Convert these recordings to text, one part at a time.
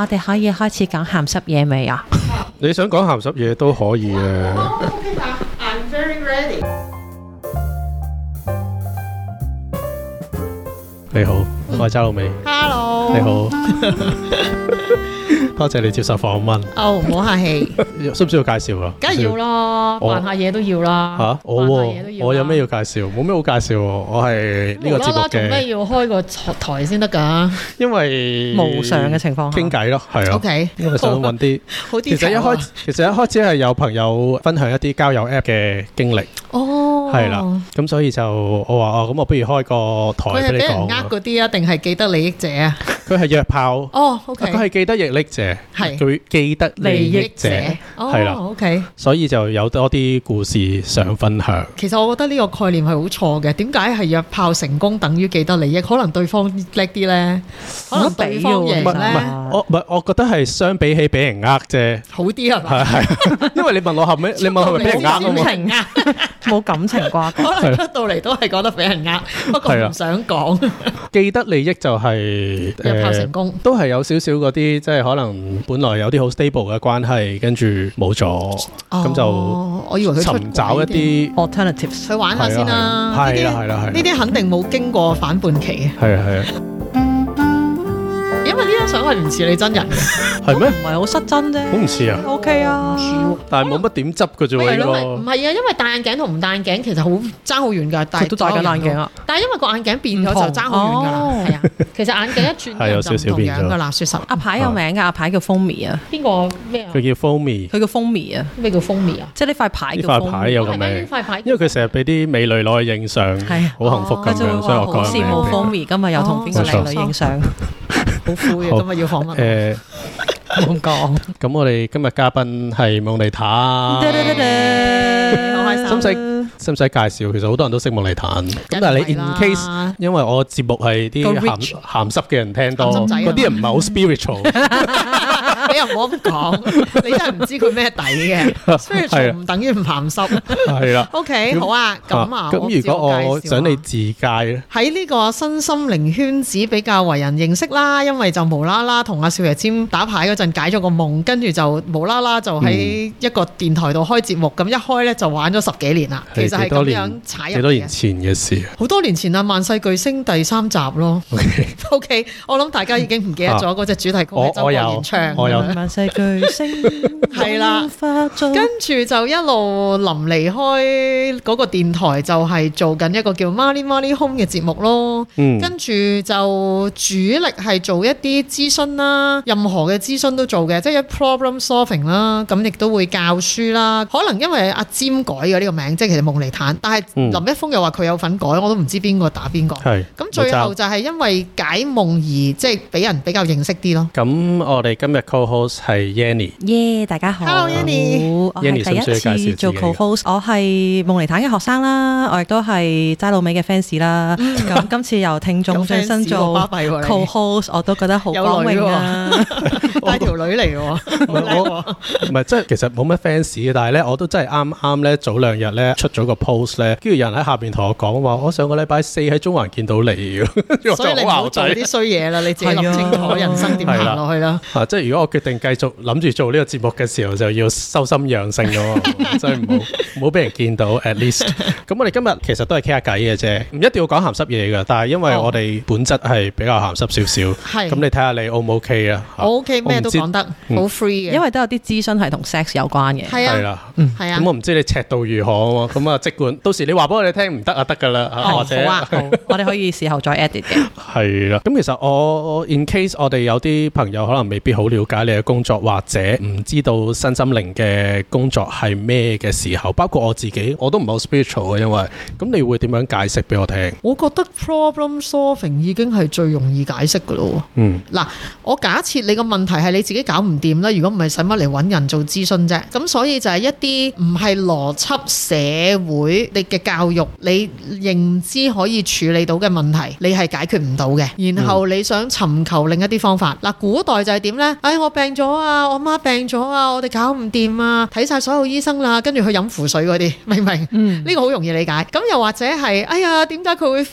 我哋可以開始講鹹濕嘢未啊？你想講鹹濕嘢都可以嘅。I'm very ready。你好，我係齋老味。Hello。你好。多謝你接受訪問。哦，唔好客氣。需唔需要介紹啊？梗係要啦，扮下嘢都要啦。吓，我我有咩要介紹？冇咩好介紹。我係呢個節目嘅。做咩要開個台先得噶？因為無常嘅情況下傾偈咯，係啊。O K，因為想問啲，其實一開其實一開始係有朋友分享一啲交友 App 嘅經歷。哦，係啦。咁所以就我話哦，咁我不如開個台俾你講。呃，嗰啲啊，定係既得利益者啊？佢係約炮。哦，O K。佢係既得亦你。益者係，記記得利益者係啦，OK，所以就有多啲故事想分享。其實我覺得呢個概念係好錯嘅，點解係約炮成功等於記得利益？可能對方叻啲咧，可能對方嘢咧，我唔係，我覺得係相比起俾人呃啫，好啲係嘛？係係，因為你問我後尾，你問係咪俾人呃？冇感情，冇感情啩，可能出到嚟都係覺得俾人呃，不過唔想講。記得利益就係約炮成功，都係有少少嗰啲即係。可能本來有啲好 stable 嘅關係，跟住冇咗，咁就我以為尋找一啲 alternatives 去玩下先啦。係啦係啦係，呢啲肯定冇經過反叛期嘅。係啊係啊。唔似你真人嘅，係咩？唔係好失真啫，好唔似啊？O K 啊，但係冇乜點執嘅啫喎，唔係啊，因為戴眼鏡同唔戴眼鏡其實好爭好遠噶，但係都戴緊眼鏡啊。但係因為個眼鏡變咗就爭好遠噶，係啊。其實眼鏡一轉就有少少變咗啦。說實，阿牌有名噶，阿牌叫 Fumi 啊。邊個咩啊？佢叫 Fumi，佢叫 Fumi 啊。咩叫 Fumi 啊？即係呢塊牌。呢塊牌有個名。呢塊牌，因為佢成日俾啲美女攞去影相，係好幸福咁樣，所以我改名。事務 Fumi 今日又同邊個靚女影相？好富啊。今日。誒，咁講。咁我哋今日嘉賓係夢妮坦，好開心。使唔使介紹？其實好多人都識夢妮坦。咁但係你 in case，因為我節目係啲鹹鹹濕嘅人聽多，嗰啲人唔係好 spiritual。又冇咁講，你真係唔知佢咩底嘅，所以從唔等於唔鹹濕。係啊，O K，好啊，咁啊，咁如果我想你自介咧，喺呢個身心靈圈子比較為人認識啦，因為就無啦啦同阿少爺占打牌嗰陣解咗個夢，跟住就無啦啦就喺一個電台度開節目，咁一開咧就玩咗十幾年啦。其實係咁樣踩幾多年前嘅事，好多年前啊，《萬世巨星》第三集咯。O K，我諗大家已經唔記得咗嗰隻主題曲，我有，我萬世巨星，係啦， 跟住就一路臨離開嗰個電台，就係做緊一個叫《Money Money Home》嘅節目咯。跟住、嗯、就主力係做一啲諮詢啦，任何嘅諮詢都做嘅，即係有 problem solving 啦。咁亦都會教書啦。可能因為阿占改嘅呢個名，即係其實夢妮坦，但係林一峰又話佢有份改，我都唔知邊個打邊個。係、嗯，咁最後就係因為解夢而即係俾人比較認識啲咯。咁我哋今日 c a 係 Yanny，耶，大家好，Hello Yanny，Hello 我係第一次做 co-host 我係夢妮坦嘅學生啦，我亦都係齋老味嘅 fans 啦。咁今次由聽眾最新做 co-host 我都覺得好 光榮啊！帶條 女嚟嘅，唔係 即係其實冇乜 fans 嘅。但係咧我都真係啱啱咧早兩日咧出咗個 post 咧，跟住有人喺下邊同我講話，我上個禮拜四喺中環見到你， 所以你唔好做啲衰嘢啦，你自己諗清楚人生點行落去啦。吓， 即係如果我決定，繼續諗住做呢個節目嘅時候，就要修心養性咯，所以唔好唔好俾人見到。At least，咁我哋今日其實都係傾下偈嘅啫，唔一定要講咸濕嘢嘅。但係因為我哋本質係比較咸濕少少，咁你睇下你 O 唔 OK 啊？我 OK，咩都講得好 free 嘅，因為都有啲諮詢係同 sex 有關嘅。係啊，係啊。咁我唔知你尺度如何喎？咁啊，即管到時你話俾我哋聽，唔得啊，得噶啦，或者我哋可以事後再 edit 嘅。係啦，咁其實我 in case 我哋有啲朋友可能未必好了解你。工作或者唔知道身心靈嘅工作係咩嘅時候，包括我自己我都唔係好 spiritual 啊，因為咁你會點樣解釋俾我聽？我覺得 problem solving 已經係最容易解釋嘅咯。嗯，嗱，我假設你個問題係你自己搞唔掂啦，如果唔係使乜嚟揾人做諮詢啫。咁所以就係一啲唔係邏輯社會你嘅教育、你認知可以處理到嘅問題，你係解決唔到嘅。然後你想尋求另一啲方法，嗱，古代就係點咧？哎，我病咗啊！我媽病咗啊！我哋搞唔掂啊！睇晒所有醫生啦，跟住去飲符水嗰啲，明唔明？嗯，呢個好容易理解。咁又或者係哎呀，點解佢會誒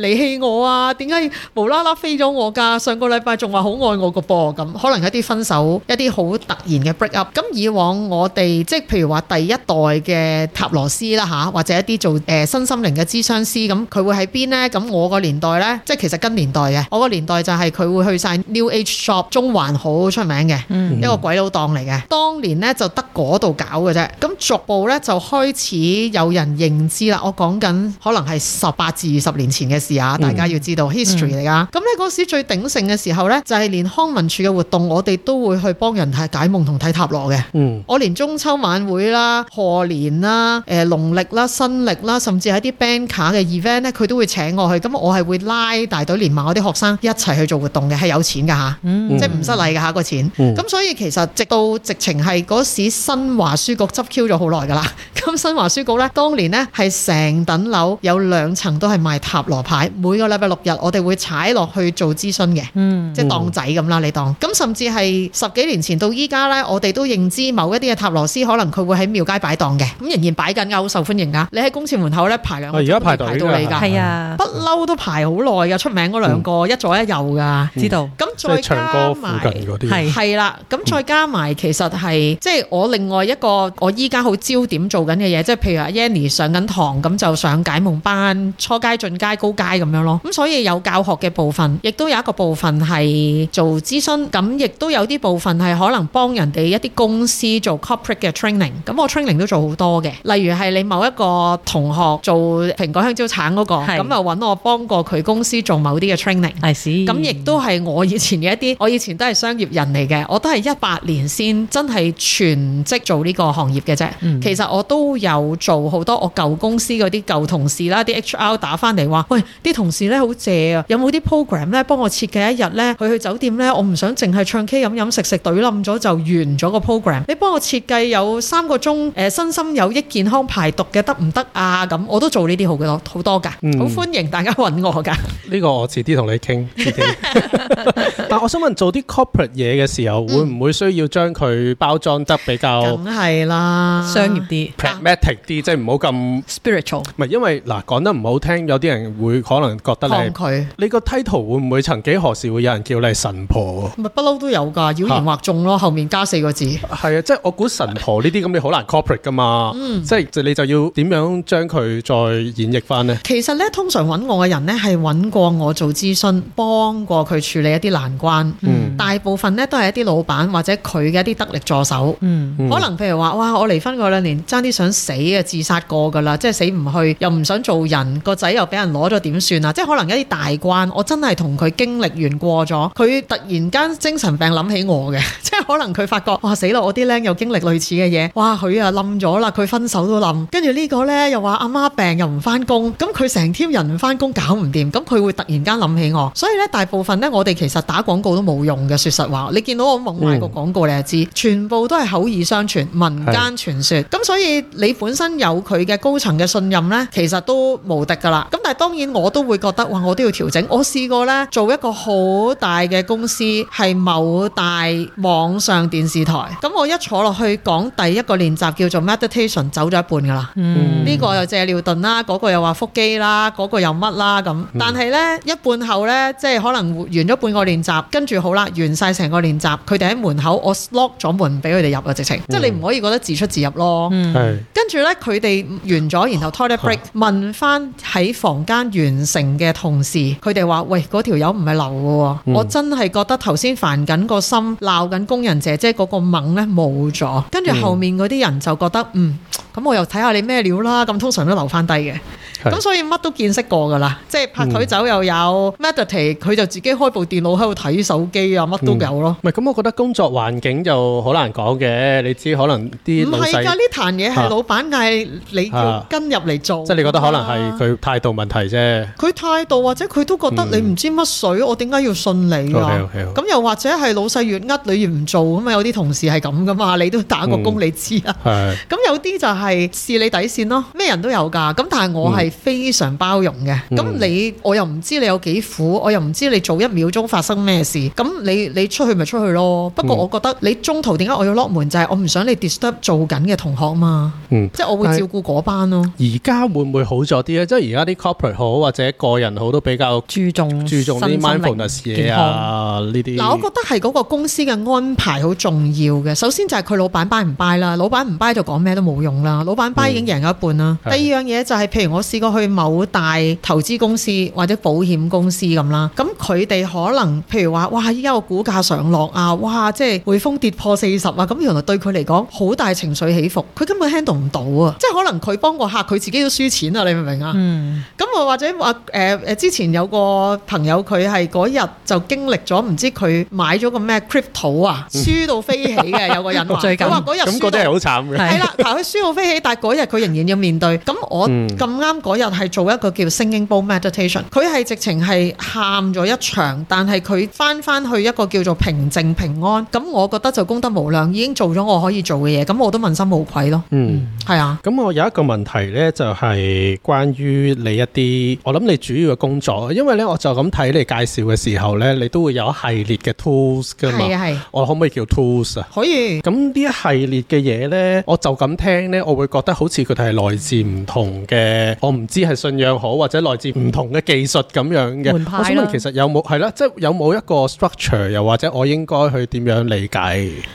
離棄我啊？點解無啦啦飛咗我㗎、啊？上個禮拜仲話好愛我個噃咁，可能一啲分手，一啲好突然嘅 breakup。咁以往我哋即係譬如話第一代嘅塔羅師啦嚇，或者一啲做誒身心靈嘅諮詢師咁，佢會喺邊呢？咁我個年代呢，即係其實跟年代嘅，我個年代就係佢會去晒 New Age shop，中環好出名。嘅、mm hmm. 一個鬼佬檔嚟嘅，當年呢就得嗰度搞嘅啫。咁逐步呢，就開始有人認知啦。我講緊可能係十八至二十年前嘅事啊，mm hmm. 大家要知道 history 嚟噶。咁呢嗰時最鼎盛嘅時候呢，就係、是、連康文署嘅活動，我哋都會去幫人係解夢同睇塔羅嘅。Mm hmm. 我連中秋晚會啦、賀年啦、誒農曆啦、呃、新曆啦，甚至係啲 bank 卡、er、嘅 event 咧，佢都會請我去。咁我係會拉大隊連埋我啲學生一齊去做活動嘅，係有錢噶吓，即係唔失禮噶嚇個錢。咁、嗯、所以其實直到直情係嗰時新華書局執 Q 咗好耐㗎啦。咁新華書局咧，當年呢係成棟樓有兩層都係賣塔羅牌。每個禮拜六日我哋會踩落去做諮詢嘅，嗯、即係當仔咁啦，你當。咁、嗯、甚至係十幾年前到依家呢，我哋都認知某一啲嘅塔羅師可能佢會喺廟街擺檔嘅。咁仍然擺緊㗎，好受歡迎㗎。你喺公廁門口呢排兩排，而家排到你㗎，係啊，不嬲、啊、都排好耐㗎。出名嗰兩個、嗯、一左一右㗎，知道。咁再即係附近嗰啲係啦，咁再加埋，其實係即係我另外一個我依家好焦點做緊嘅嘢，即係譬如阿 Yanny 上緊堂，咁就上解夢班，初階進階高階咁樣咯。咁所以有教學嘅部分，亦都有一個部分係做諮詢，咁亦都有啲部分係可能幫人哋一啲公司做 corporate 嘅 training。咁我 training 都做好多嘅，例如係你某一個同學做蘋果香蕉橙嗰個，咁就揾我幫過佢公司做某啲嘅 training。係，咁亦都係我以前嘅一啲，我以前都係商業人嚟嘅。我都係一八年先真係全職做呢個行業嘅啫。嗯、其實我都有做好多我舊公司嗰啲舊同事啦，啲 H R 打翻嚟話：喂、嗯，啲、欸、同事咧好借啊！有冇啲 program 咧幫我設計一日咧？佢去酒店咧，我唔想淨係唱 K 飲飲食食，懟冧咗就完咗個 program。你幫我設計有三個鐘誒、呃，身心有益、健康排毒嘅得唔得啊？咁我都做呢啲好幾多好多噶，好，好、嗯、歡迎大家揾我噶。呢、嗯這個我遲啲同你傾。 但我想問做啲 corporate 嘢嘅事時。有會唔會需要將佢包裝得比較，梗係啦，商業啲 practical 啲，即係唔好咁 spiritual。唔係因為嗱，講得唔好聽，有啲人會可能覺得你佢你個 title 會，唔會曾幾何時會有人叫你神婆？咪不嬲都有噶，妖言惑眾咯，後面加四個字。係啊，即係我估神婆呢啲咁，你好難 corporate 㗎嘛。即係你就要點樣將佢再演繹翻咧？其實咧，通常揾我嘅人咧係揾過我做諮詢，幫過佢處理一啲難關，嗯，大部分咧都係。啲老闆或者佢嘅一啲得力助手，嗯、可能譬如話，哇！我離婚嗰兩年差啲想死啊，自殺過噶啦，即係死唔去，又唔想做人，個仔又俾人攞咗，點算啊？即係可能一啲大關，我真係同佢經歷完過咗，佢突然間精神病諗起我嘅，即係可能佢發覺，哇！死啦，我啲僆又經歷類似嘅嘢，哇！佢啊冧咗啦，佢分手都冧，跟住呢個呢，又話阿媽病又唔翻工，咁佢成天人唔翻工搞唔掂，咁佢會突然間諗起我，所以咧大部分呢，我哋其實打廣告都冇用嘅，說實話，你見到。安冇賣個廣告你就知，嗯、全部都係口耳相傳、民間傳說，咁是所以你本身有佢嘅高層嘅信任呢，其實都無敵噶啦。咁但係當然我都會覺得哇，我都要調整。我試過呢，做一個好大嘅公司，係某大網上電視台。咁我一坐落去講第一個練習叫做 meditation，走咗一半噶啦。呢、嗯嗯、個又借尿遁啦，嗰、那個又話腹肌啦，嗰、那個又乜啦咁。但係呢，一半後呢，即係可能完咗半個練習，跟住好啦，完晒成個練習。佢哋喺門口，我 lock 咗門唔俾佢哋入啊！直情，即係你唔可以覺得自出自入咯。嗯，係。跟住呢，佢哋完咗，然後 toilet break，問翻喺房間完成嘅同事，佢哋話：喂，嗰條友唔係留嘅喎，嗯、我真係覺得頭先煩緊個心，鬧緊工人姐姐嗰、那個猛呢冇咗。跟住後面嗰啲人就覺得，嗯，嗯，咁我又睇下你咩料啦。咁通常都留翻低嘅。咁所以乜都見識過㗎啦，即係拍腿走又有，meditate 佢就自己開部電腦喺度睇手機啊，乜都有咯。唔係咁，我覺得工作環境就好難講嘅。你知可能啲老細啊，呢壇嘢係老闆嗌你要跟入嚟做。即係你覺得可能係佢態度問題啫。佢態度或者佢都覺得你唔知乜水，我點解要信你啊？咁又或者係老細越呃你越唔做啊嘛？有啲同事係咁噶嘛，你都打過工，你知啦。咁有啲就係試你底線咯，咩人都有㗎。咁但係我係。非常包容嘅，咁你我又唔知你有幾苦，我又唔知你早一秒鐘發生咩事，咁你你出去咪出去咯。不過我覺得你中途點解我要落門就係我唔想你 disturb 做緊嘅同學嘛。即係我會照顧嗰班咯。而家會唔會好咗啲咧？即係而家啲 company 好或者個人好都比較注重注重啲 mindfulness 嘢啊，呢啲。嗱，我覺得係嗰個公司嘅安排好重要嘅。首先就係佢老闆 buy 唔 buy 啦，老闆唔 buy 就講咩都冇用啦。老闆 buy 已經贏咗一半啦。第二樣嘢就係譬如我試過去某大投資公司或者保險公司咁啦，咁佢哋可能譬如話，哇依家個股價上落啊，哇即係滙豐跌破四十啊，咁原來對佢嚟講好大情緒起伏，佢根本 handle 唔到啊，即係可能佢幫個客，佢自己都輸錢啊，你明唔明啊？嗯，咁我或者話誒誒，之前有個朋友佢係嗰日就經歷咗唔知佢買咗個咩 crypto 啊，輸到飛起嘅有個人 最近，我話嗰日輸到真係好慘嘅，係啦，佢輸到飛起，但係嗰日佢仍然要面對，咁 我咁啱。嗰日係做一個叫 singing bowl meditation，佢係直情係喊咗一場，但係佢返返去一個叫做平靜平安。咁我覺得就功德無量，已經做咗我可以做嘅嘢，咁我都問心無愧咯。嗯，係啊。咁我有一個問題咧，就係關於你一啲，我諗你主要嘅工作，因為咧，我就咁睇你介紹嘅時候咧，你都會有一系列嘅 tools 噶嘛。係啊係。我可唔可以叫 tools 啊？可以。咁呢一系列嘅嘢咧，我就咁聽咧，我會覺得好似佢哋係來自唔同嘅我。唔知係信仰好，或者來自唔同嘅技術咁樣嘅。門派啊，其實有冇係啦，即係有冇一個 structure，又或者我應該去點樣理解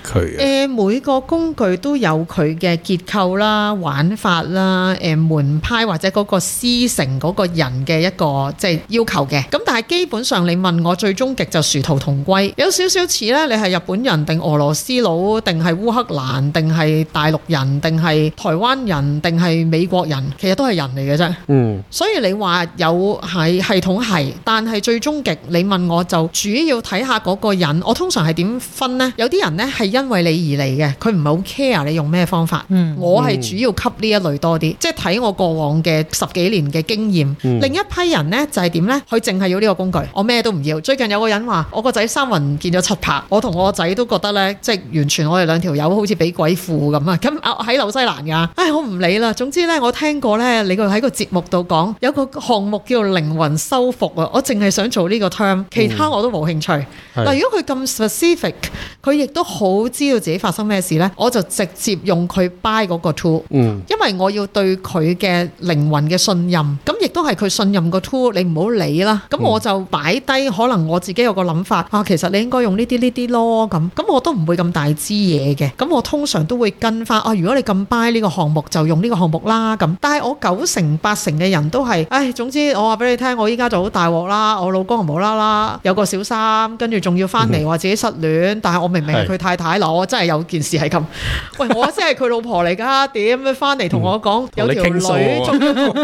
佢？誒、呃，每個工具都有佢嘅結構啦、玩法啦、誒、呃、門派或者嗰個師承嗰個人嘅一個即係、就是、要求嘅。咁但係基本上你問我最終極就殊途同歸，有少少似啦。你係日本人定俄羅斯佬，定係烏克蘭，定係大陸人，定係台灣人，定係美國人，其實都係人嚟嘅啫。嗯，所以你話有係系統係，但係最終極，你問我就主要睇下嗰個人。我通常係點分呢？有啲人呢係因為你而嚟嘅，佢唔係好 care 你用咩方法。嗯、我係主要吸呢一類多啲，即係睇我過往嘅十幾年嘅經驗。嗯、另一批人呢就係點呢？佢淨係要呢個工具，我咩都唔要。最近有個人話我個仔三魂見咗七魄，我同我個仔都覺得呢，即係完全我哋兩條友好似俾鬼附咁啊！咁喺紐西蘭噶，唉，我唔理啦。總之呢，我聽過呢，你、那個喺個。節目度講有個項目叫做靈魂修復啊，我淨係想做呢個 term，其他我都冇興趣。嗯、但如果佢咁 specific，佢亦都好知道自己發生咩事呢，我就直接用佢 buy 嗰個 tool，嗯，因為我要對佢嘅靈魂嘅信任，咁亦都係佢信任個 tool，你唔好理啦。咁我就擺低，可能我自己有個諗法啊，其實你應該用呢啲呢啲咯，咁咁我都唔會咁大支嘢嘅。咁我通常都會跟翻啊，如果你咁 buy 呢個項目，就用呢個項目啦。咁但係我九成八，八成嘅人都係，唉、哎，總之我話俾你聽，我依家就好大鑊啦。我老公無啦啦有個小三，跟住仲要翻嚟話自己失戀，嗯、哼但係我明明係佢太太，嗱是我真係有件事係咁。喂，我真係佢老婆嚟噶，點翻嚟同我講、嗯、有條女，仲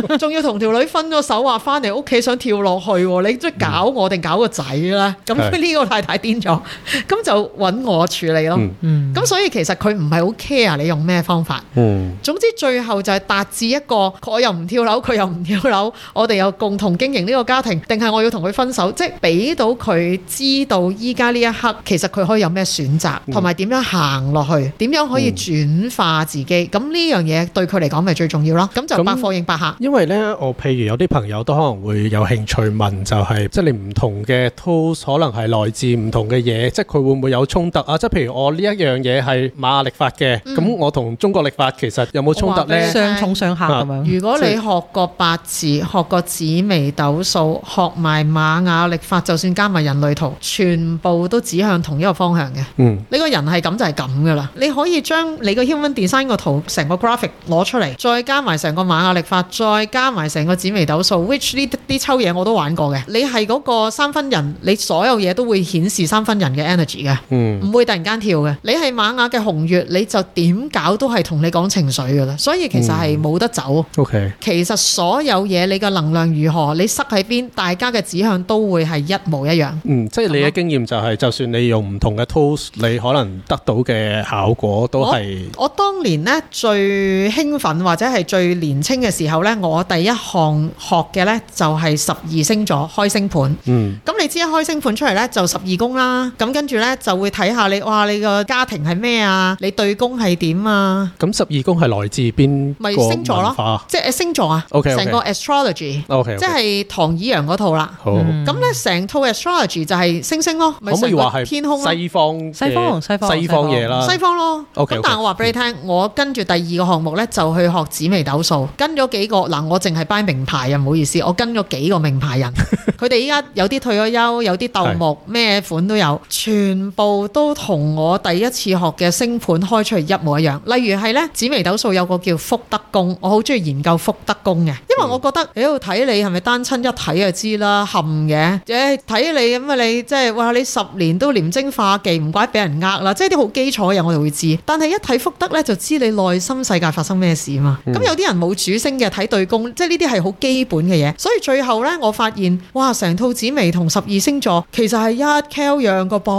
要仲要同條女分咗手，話翻嚟屋企想跳落去，嗯、哼你即係搞我定搞個仔啦？咁呢、嗯、哼個太太癲咗，咁 就揾我處理咯。咁、嗯嗯、所以其實佢唔係好 care 你用咩方法。嗯，總之最後就係達至一個，我又唔跳樓。佢又唔要樓，我哋又共同經營呢個家庭，定係我要同佢分手？即係俾到佢知道，依家呢一刻其實佢可以有咩選擇，同埋點樣行落去，點樣可以轉化自己？咁呢、嗯、樣嘢對佢嚟講，咪最重要咯。咁就百貨應百客。嗯嗯、因為呢，我譬如有啲朋友都可能會有興趣問、就是，就係即係你唔同嘅 tools 可能係來自唔同嘅嘢，即係佢會唔會有衝突啊？即係譬如我呢一樣嘢係瑪雅曆法嘅，咁、嗯、我同中國曆法其實有冇衝突呢？相沖相剋咁樣。如果你學個八字學個紫微斗數學埋瑪雅歷法，就算加埋人類圖，全部都指向同一個方向嘅。嗯，呢個人係咁就係咁噶啦。你可以將你個 human design 個圖成個 graphic 攞出嚟，再加埋成個瑪雅歷法，再加埋成個紫微斗數，which 呢啲抽嘢我都玩過嘅。嗯、你係嗰個三分人，你所有嘢都會顯示三分人嘅 energy 嘅。嗯、唔會突然間跳嘅。你係瑪雅嘅紅月，你就點搞都係同你講情緒噶啦。所以其實係冇得走。O K，其實。所有嘢，你嘅能量如何，你塞喺邊，大家嘅指向都會係一模一樣。嗯，即係你嘅經驗就係，就算你用唔同嘅 tools，你可能得到嘅效果都係。我當年咧最興奮或者係最年輕嘅時候咧，我第一項學嘅咧就係十二星座開星盤。嗯。咁你知一開星盤出嚟咧就十二宮啦。咁跟住咧就會睇下你哇，你個家庭係咩啊？你對宮係點啊？咁十二宮係來自邊個星座咯？即係誒星座啊！O K，成個 astrology，OK, OK. 即係唐以陽嗰套啦。好，咁咧成、嗯、套 astrology 就係星星咯，咪成個天空咯。西方，西方同西方，西方嘢啦，西方咯。咁 OK, OK, 但係我話俾你聽，嗯、我跟住第二個項目咧就去學紫微斗數，跟咗幾個嗱，我淨係班名牌人，唔好意思，我跟咗幾個名牌人，佢哋依家有啲退咗休，有啲鬥目，咩款都有，全部都同我第一次學嘅星盤開出嚟一模一樣。例如係咧，紫微斗數有個叫福德宮，我好中意研究福德宮。 因為我覺得，嗯、你度睇你係咪單親一睇就知啦，冚嘅，誒、哎、睇你咁啊，你即、就、係、是、哇你十年都廉貞化忌唔怪俾人呃啦，即係啲好基礎嘅嘢我哋會知，但係一睇福德咧就知你內心世界發生咩事啊嘛，咁、嗯、有啲人冇主星嘅睇對宮，即係呢啲係好基本嘅嘢，所以最後咧我發現，哇成套紫微同十二星座其實係一樣樣個噃，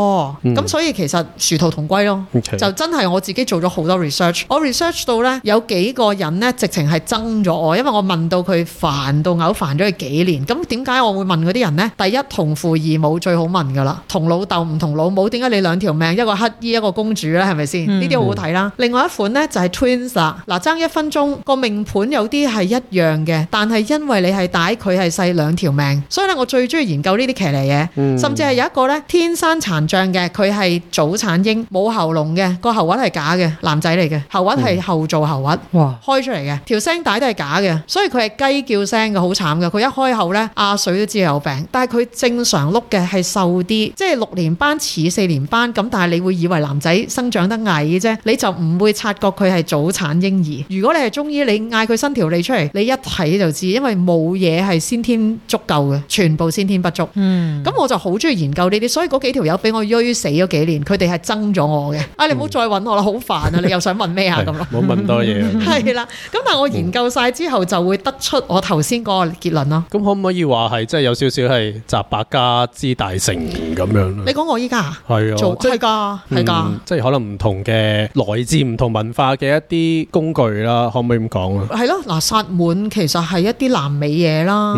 咁、嗯、所以其實殊途同歸咯，okay. 就真係我自己做咗好多 research，我 research 到咧有幾個人咧直情係憎咗我，因為我。我問到佢煩到嘔，煩咗佢幾年。咁點解我會問嗰啲人呢？第一，同父異母最好問噶啦。同老豆唔同老母，點解你兩條命，一個乞衣，一個公主呢？係咪先？呢啲好好睇啦。嗯、另外一款呢，就係、是、twins 嗱，爭、呃、一分鐘個命盤有啲係一樣嘅，但係因為你係大，佢係細兩條命。所以咧，我最中意研究呢啲騎呢嘢。嗯、甚至係有一個呢，天生殘障嘅，佢係早產嬰，冇喉嚨嘅，個喉核係假嘅，男仔嚟嘅，喉核係後做喉核，喉喉喉嚨開出嚟嘅，條聲帶都係假嘅。所以佢係雞叫聲嘅，好慘嘅。佢一開口呢，阿水都知佢有病。但係佢正常碌嘅係瘦啲，即係六年班似四年班咁。但係你會以為男仔生，生長得矮啫，你就唔會察覺佢係早產嬰兒。如果你係中醫，你嗌佢伸條脷出嚟，你一睇就知，因為冇嘢係先天足夠嘅，全部先天不足。嗯。咁我就好中意研究呢啲，所以嗰幾條友俾我閂死咗幾年，佢哋係憎咗我嘅。啊、哎，你唔好再揾我啦，好煩啊！ 你又想問咩啊？咁咯。冇問多嘢。係 啦， 咁但係我研究曬之後就。就會得出我頭先嗰個結論咯。咁可唔可以話係，即係有少少係集百家之大成咁樣咧？你講我依家係啊，做係噶，係噶，即係可能唔同嘅，來自唔同文化嘅一啲工具可可、嗯、啦，可唔可以咁講啊？係咯，嗱，薩滿其實係一啲南美嘢啦。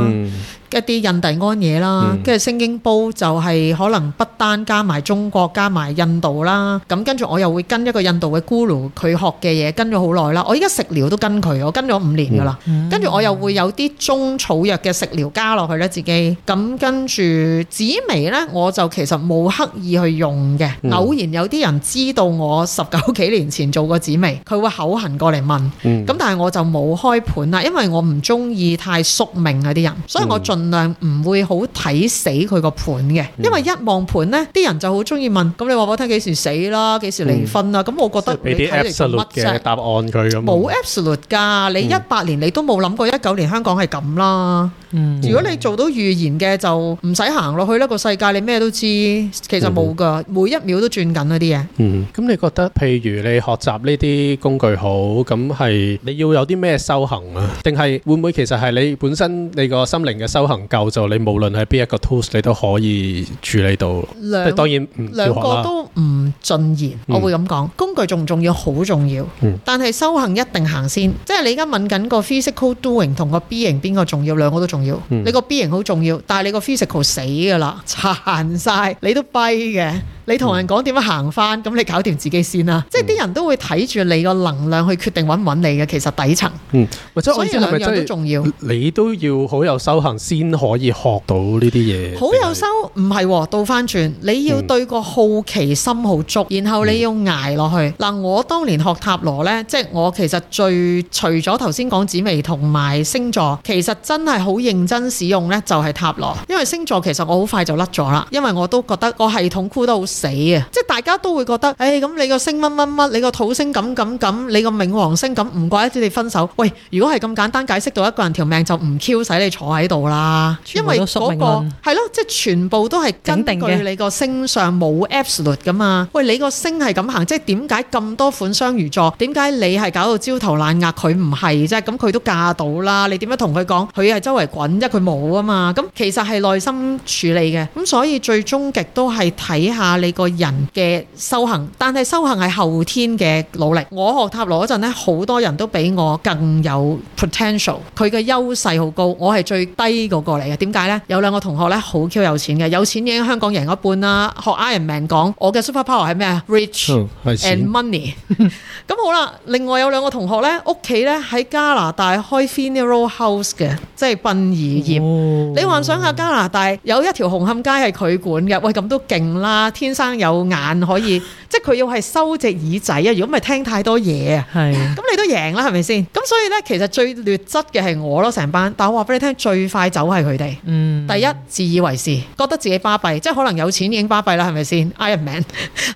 一啲印第安嘢啦，跟住、嗯、星經煲就係可能不單加埋中國加埋印度啦，咁跟住我又會跟一個印度嘅 Guru 佢學嘅嘢，跟咗好耐啦。我依家食療都跟佢，我跟咗五年噶啦。跟住、嗯、我又會有啲中草藥嘅食療加落去咧，自己咁跟住紫薇呢，我就其實冇刻意去用嘅，嗯、偶然有啲人知道我十九幾年前做過紫薇，佢會口痕過嚟問，咁、嗯、但係我就冇開盤啦，因為我唔中意太宿命嗰啲人，所以我盡。盡量唔會好睇死佢個盤嘅，因為一望盤咧，啲人就好中意問，咁你話我聽幾時死啦，幾時離婚啦？咁我覺得你睇嚟，叫乜啫？答案佢咁冇 absolute 噶你一八年你都冇諗過一九年香港係咁啦。如果你做到預言嘅，就唔使行落去啦。呢個世界你咩都知，其實冇噶每一秒都轉緊嗰啲嘢。嗯，咁你覺得譬如你學習呢啲工具好，咁係你要有啲咩修行啊？定係會唔會其實係你本身你個心靈嘅修？夠就你無論喺邊一個 tools 你都可以處理到，即當然兩個都唔盡然，我會咁講。工具重唔重要？好重要，嗯、但係修行一定行先。嗯、即係你而家問緊個 physical doing 同個 B 型邊個重要？兩個都重要。嗯、你個 B 型好重要，但係你個 physical 死噶啦，殘晒你都跛嘅。你同人講點樣行翻，咁你搞掂自己先啦。嗯、即係啲人都會睇住你個能量去決定揾唔揾你嘅。其實底層，嗯、我所以兩樣都重要。是是你都要好有修行先可以學到呢啲嘢。好有修唔係是、哦、倒翻轉，你要對個好奇心好足，嗯、然後你要捱落去嗱、嗯。我當年學塔羅呢，即係我其實最除咗頭先講紫微同埋星座，其實真係好認真使用呢，就係塔羅。因為星座其實我好快就甩咗啦，因為我都覺得個系統箍得好。死啊！即係大家都會覺得，誒、哎、咁你個星乜乜乜，你個土星咁咁咁，你個冥王星咁，唔怪得你哋分手。喂，如果係咁簡單解釋到一個人條命，就唔 Q 使你坐喺度啦。全部都宿命論。因為係咯，即係全部都係、那個、根據你個星上冇 absolute 噶嘛。喂，你個星係咁行，即係點解咁多款雙魚座？點解你係搞到焦頭爛額，佢唔係啫？咁佢都嫁到啦。你點樣同佢講？佢係周圍滾啫，佢冇啊嘛。咁其實係內心處理嘅。咁所以最終極都係睇下。你個人嘅修行，但係修行係後天嘅努力。我學塔羅嗰陣咧，好多人都比我更有 potential，佢嘅優勢好高。我係最低嗰個嚟嘅。點解呢？有兩個同學咧好 Q 有錢嘅，有錢已經香港贏一半啦。學 Ironman 講，我嘅 super power 係咩？Rich and money。咁、oh, yes. 好啦，另外有兩個同學咧，屋企咧喺加拿大開 funeral house 嘅，即係殯儀業。Oh. 你幻想下加拿大有一條紅磡街係佢管嘅，喂咁都勁啦！先生有眼可以，即係佢要係收隻耳仔啊！如果唔係聽太多嘢啊，係咁是的 你都贏啦，係咪先？咁所以咧，其實最劣質嘅係我咯，成班。但我話俾你聽，最快走係佢哋。嗯，第一自以為是，覺得自己巴閉，即係可能有錢已經巴閉啦，係咪先？Iron Man，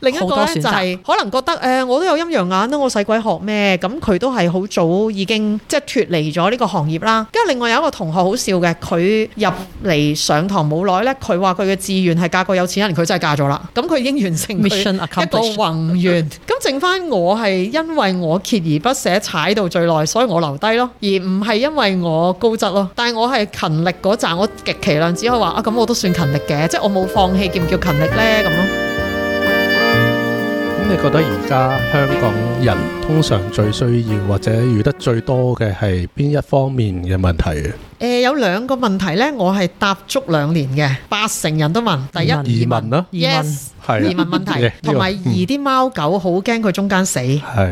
另一個咧就係可能覺得誒、呃，我都有陰陽眼啦，我使鬼學咩？咁佢都係好早已經即係脫離咗呢個行業啦。跟住另外有一個同學好笑嘅，佢入嚟上堂冇耐咧，佢話佢嘅志願係嫁個有錢人，佢真係嫁咗啦。咁佢已經完成一個宏願，咁 剩翻我係因為我鍥而不捨踩到最耐，所以我留低咯，而唔係因為我高質咯。但係我係勤力嗰陣，我極其量只可以話啊，咁我都算勤力嘅，即係我冇放棄，叫唔叫勤力呢？咁咯、嗯。咁你覺得而家香港人通常最需要或者遇得最多嘅係邊一方面嘅問題？誒、呃，有兩個問題咧，我係答足兩年嘅，八成人都問。第一，移民咯民，yes，係移民問題，同埋的移啲貓狗好驚佢中間死，